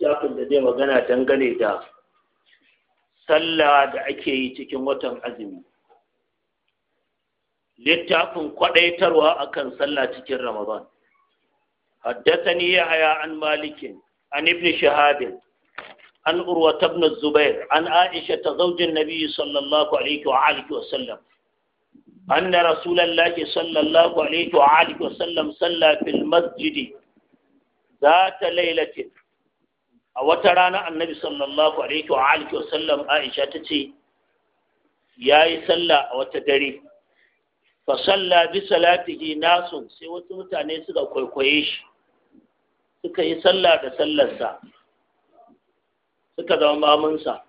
littafin da zai magana dangane da sallah da ake yi cikin watan azumi littafin kwadaitarwa akan sallah cikin ramadan haddathani yahya an malikin an ibn shahab an urwa ibn zubair an aisha ta zaujin nabi sallallahu alaihi wa alihi wa sallam anna rasulullah sallallahu alaihi wa alihi wa sallam salla fil masjid ذات ليلة a wata rana annabi sallallahu alaihi wa alihi wa sallam aisha ta ce ya yi sallah a wata dare fa salla bi salatihi nasu sai wasu mutane suka kwaikwaye shi suka yi sallah da sallarsa suka zama mamunsa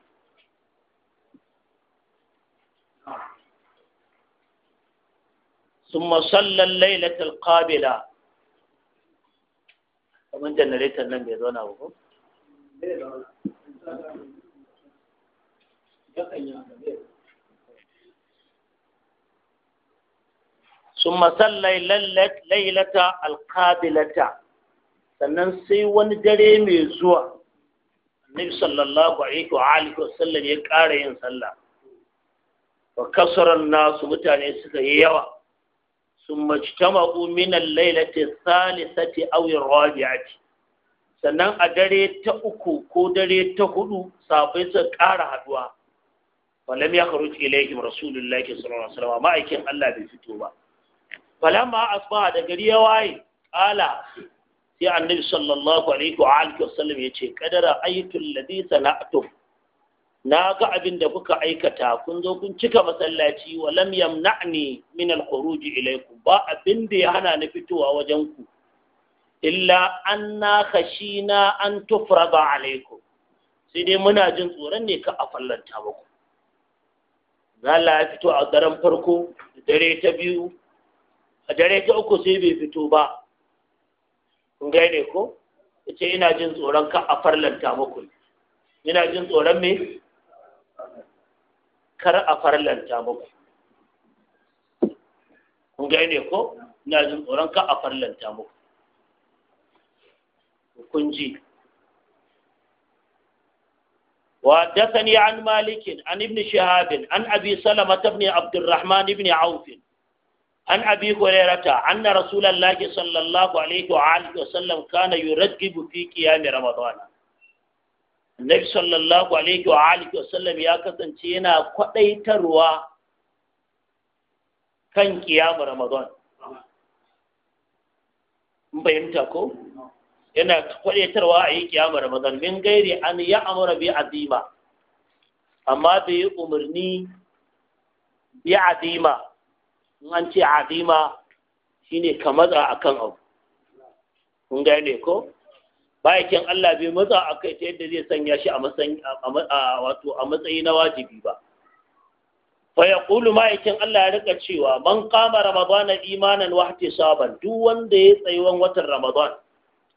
ثم صلى الليلة القابلة kamar janaraitar nan bai zauna ثم صلى ليلة القابلة sannan sai wani dare mai zuwa annabi sallallahu alaihi wa alihi wasallam ya ƙara yin sallah wa kasaran nasu mutane suka yi yawa sun majtama'u min al-lailati thalithati aw ar-rabi'ati sannan a dare ta uku ko dare ta hudu safai su ƙara haduwa falam ya kharuj ilaihim rasulullahi sallallahu alaihi wasallam ma'aikin Allah bai fito ba ma asbaha da gari ya waye ala sai annabi sallallahu alaihi wa alihi wasallam ce qadara ayatul ladhi sana'tu na ga abin da kuka aikata kun zo kun cika masallaci wa lam yamna'ni min al khuruji ilaykum ba abin da ya hana ni fitowa wajen ku illa an kashi na an tufura ba alaikum sai dai muna jin tsoron ne ka a fallanta muku Allah ya fito a daren farko dare ta biyu a dare ta uku sai bai fito ba kun gane ko ce ina jin tsoron ka a farlanta muku ina jin tsoron me kar a farlanta muku kun gane ko ina jin tsoron ka a farlanta muku kunji wa dakani an malikin an ibn shihab an abi salama ibn abd ibn auf an abi hurairata anna rasulullahi sallallahu alaihi wa sallam kana yurakibu fi qiyam ramadan nabi sallallahu alaihi wa sallam ya kasance yana kwadaitarwa kan qiyam ramadan bayan ta ko yana kwadatarwa a yi kiyama ramadan min gairi an ya amura bi azima amma da yi umarni bi azima in an ce azima shine ka matsa kan abu kun gane ko bayakin Allah bai matsa a kai ta yadda zai sanya shi a matsayi na wajibi ba fa ya kulu ma'aikin Allah ya rika cewa man kama ramadan imanan wahti saban duk wanda ya tsayuwan watan ramadan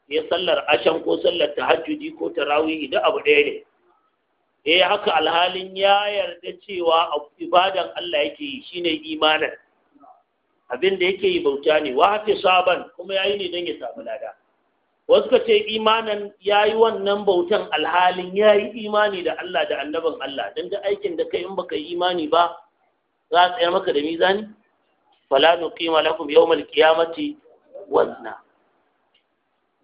ya sallar ashan ko sallar ta tahajjudi ko tarawihi idan abu ɗaya ne eh haka alhalin ya yarda cewa ibadan Allah yake yi shine imanin abin da yake yi bauta ne wa hafi saban kuma yi ne don ya samu lada wasu ka ce imanin ya yi wannan bautan alhalin ya yi imani da Allah da annabin Allah don da aikin da kai in baka yi imani ba za a tsayar maka da mizani fala nuqima lakum yawmal qiyamati wazna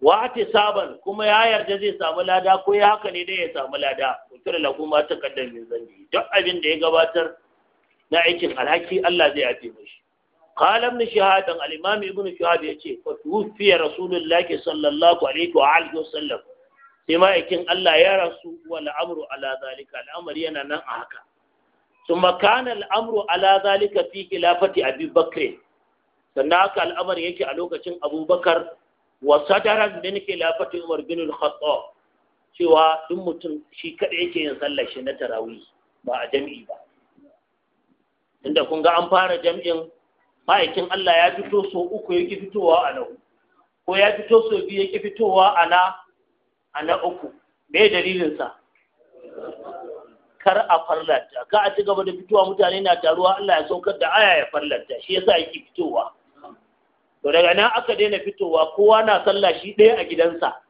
wa saban kuma ya yarda zai samu lada ko ya haka ne dai ya samu lada mutum la kuma ta min zanbi duk abin da ya gabatar na aikin alhaki Allah zai afi mishi qala ibn alimami al imam ibn shahab yace fa tuwfiya rasulullah sallallahu alaihi wa alihi wasallam sai ma aikin Allah ya rasu wal amru ala zalika al'amari yana nan a haka thumma kana al amru ala zalika fi khilafati abi sannan haka al'amari yake a lokacin abubakar wa sadaran min khilafati Umar bin al-Khattab cewa duk mutum shi kada yake yin sallar shi na tarawih ba a jami'i ba tunda kun ga an fara jami'in ma'aikin Allah ya fito so uku yake fitowa a na ko ya fito so biyu yake fitowa a na a na uku me dalilinsa kar a farlanta ka a ci gaba da fitowa mutane na taruwa Allah ya saukar da aya ya farlanta shi yasa yake fitowa to daga nan aka daina fitowa kowa na sallah shi ɗaya a gidansa